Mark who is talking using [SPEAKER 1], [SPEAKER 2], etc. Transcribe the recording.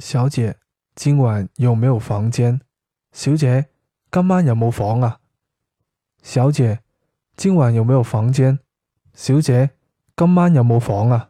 [SPEAKER 1] 小姐，今晚有沒有房間？小姐，今晚有冇房啊？小姐，今晚有沒有房間？小姐，今晚有冇房啊？